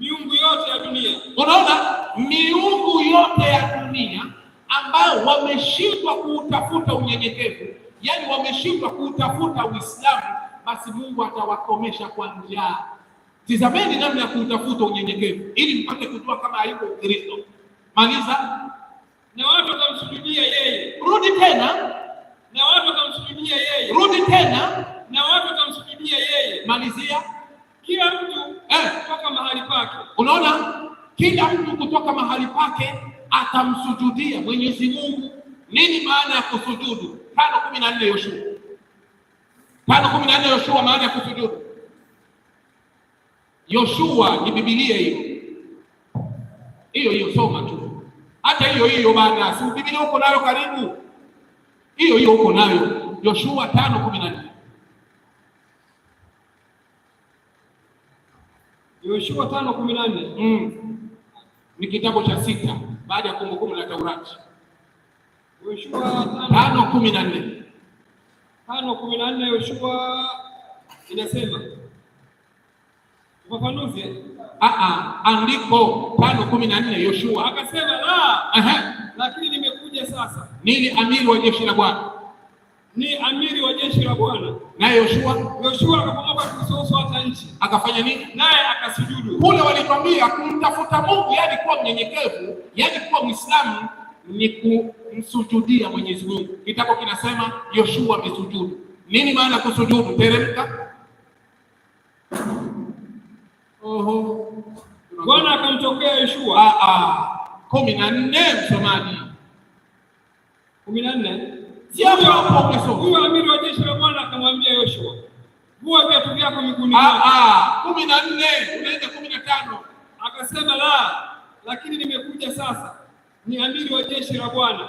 miungu yote ya dunia. Unaona, miungu yote ya dunia ambao wameshindwa kuutafuta unyenyekevu, yani wameshindwa kuutafuta Uislamu, basi Mungu atawakomesha kwa njaa. Tizameni namna ya kuutafuta unyenyekevu ili mpate kujua kama haiko Kristo. Maliza. Na watu wakamsujudia yeye. Rudi tena. Na watu wakamsujudia yeye. Rudi tena. Na watu wakamsujudia yeye. Malizia. Kila wake. Unaona, kila mtu kutoka mahali pake atamsujudia Mwenyezi Mungu. Nini maana ya kusujudu? tano kumi na nne Yoshua tano kumi na nne Yoshua, maana ya kusujudu Yoshua ni Biblia hiyo hiyo hiyo, soma tu, hata hiyo hiyo bana, si Biblia uko nayo, karibu hiyo hiyo uko nayo, Yoshua tano kumi na nne. Yoshua tano kumi na nne mm. ni kitabu cha sita baada ya Kumbukumbu la Taurati. Yoshua tano kumi na nne tano kumi na nne Yoshua inasema ufafanuzi ah, ah, andiko tano kumi na nne Yoshua akasema la, lakini nimekuja sasa, nini amiri wa jeshi la Bwana ni amiri jeshi la Bwana. Naye Yoshua, Yoshua akapomoka kuuso uso wa nchi, akafanya nini? Naye akasujudu. Kule walikwambia kumtafuta Mungu, yani kuwa mnyenyekevu, yani kuwa Mwislamu ni kumsujudia Mwenyezi Mungu. Kitabu kinasema Yoshua amesujudu. Nini maana kusujudu? Teremka. Oho. Bwana akamtokea Yoshua. Ah ah. 14 msomaji. 14 amiri wa jeshi la Bwana akamwambia Yoshua, vua viatu vyako miguuni ah, ah, kumi na nne unaenda kumi na tano Akasema, la, lakini nimekuja sasa, ni amiri wa jeshi la Bwana.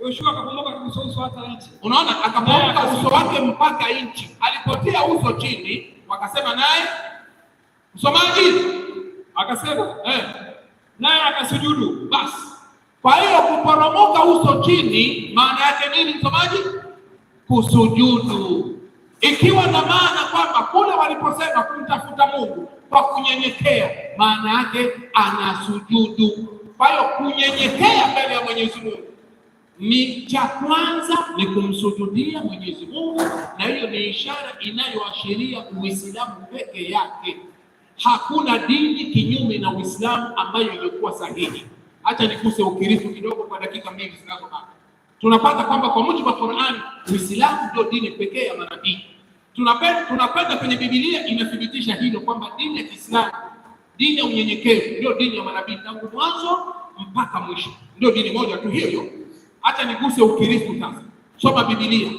Yoshua akapomoka uso uso hata nchi. Unaona, akapomoka uso wake mpaka nchi, alipotea uso chini. Wakasema naye, msomaji akasema eh, naye akasujudu basi kwa hiyo kuporomoka uso chini maana yake nini, msomaji? Kusujudu, ikiwa na maana kwamba kule waliposema kumtafuta Mungu kwa kunyenyekea, maana yake anasujudu. Kwa hiyo kunyenyekea mbele ya Mwenyezi Mungu ni cha kwanza, ni kumsujudia Mwenyezi Mungu, na hiyo ni ishara inayoashiria Uislamu peke yake. Hakuna dini kinyume na Uislamu ambayo imekuwa sahihi. Acha nikuse ukirifu kidogo kwa dakika mbili zinazobaki. Tunapata kwamba kwa mujibu wa Qur'an, Uislamu ndio dini pekee ya manabii. Tunapenda tunapenda kwenye Biblia inathibitisha hilo kwamba dini ya Kiislamu, dini ya unyenyekevu ndio dini ya manabii tangu mwanzo mpaka mwisho. Ndio dini moja tu hiyo. Acha niguse ukirifu sasa. Soma Biblia.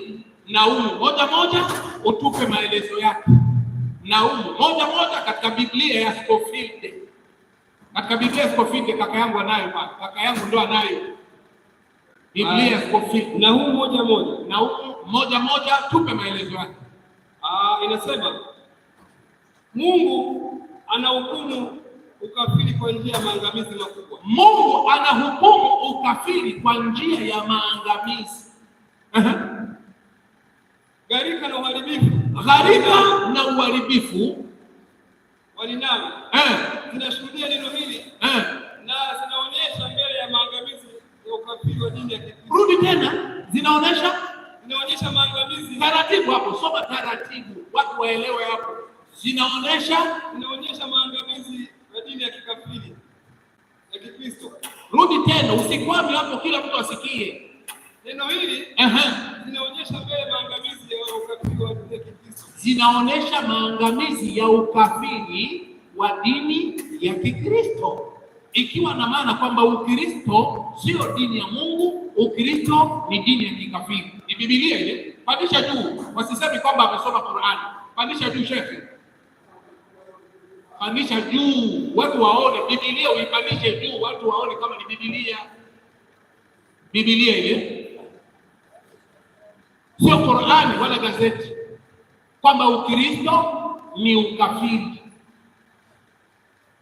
Naumu moja moja utupe maelezo yake. Naumu moja moja katika Biblia ya Scofield Nakabidhia Skofite kaka yangu anayo bwana. Kaka yangu ndo anayo. Biblia Skofite. Na huu moja moja. Na huu moja moja tupe maelezo yake. Ah, inasema Mungu anahukumu ukafiri kwa njia ya maangamizi makubwa. Mungu anahukumu ukafiri kwa njia ya maangamizi. Gharika na uharibifu. Gharika na uharibifu. Walinani? Eh, inaonyesha inaonyesha maangamizi. Taratibu hapo, soma taratibu, watu waelewe hapo. Zinaonyesha inaonyesha maangamizi ya dini ya kikafiri ya Kikristo. Rudi tena, usikwame hapo, kila mtu asikie neno hili. Ehe, Zinaonyesha mbele maangamizi ya ukafiri wa dini ya Kikristo, zinaonyesha maangamizi ya ukafiri wa dini ya Kikristo ikiwa na maana kwamba Ukristo sio dini ya Mungu, Ukristo ni dini ya kikafiri. Ni Biblia ile, pandisha juu, wasisemi kwamba amesoma Qur'ani. Pandisha juu shehe, pandisha juu, watu waone Biblia, uipandishe juu, watu waone kama ni Biblia. Biblia ile sio Qur'ani wala gazeti, kwamba Ukristo ni ukafiri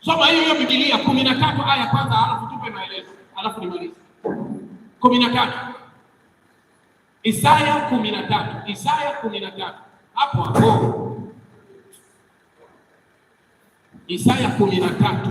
Soma hiyo hiyo Biblia kumi na tatu aya kwanza, alafu tupe maelezo, alafu nimalize. kumi na tatu Isaya kumi na tatu Isaya kumi na tatu hapo hapo Isaya kumi na tatu